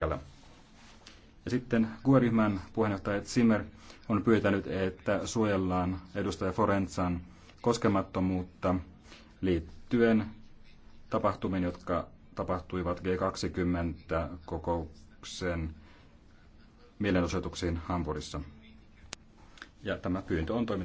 paikalla. Ja sitten GUE-ryhmän puheenjohtaja Zimmer on pyytänyt, että suojellaan edustaja Forensan koskemattomuutta liittyen tapahtumiin, jotka tapahtuivat G20-kokouksen mielenosoituksiin Hampurissa. Ja tämä pyyntö on toimitettu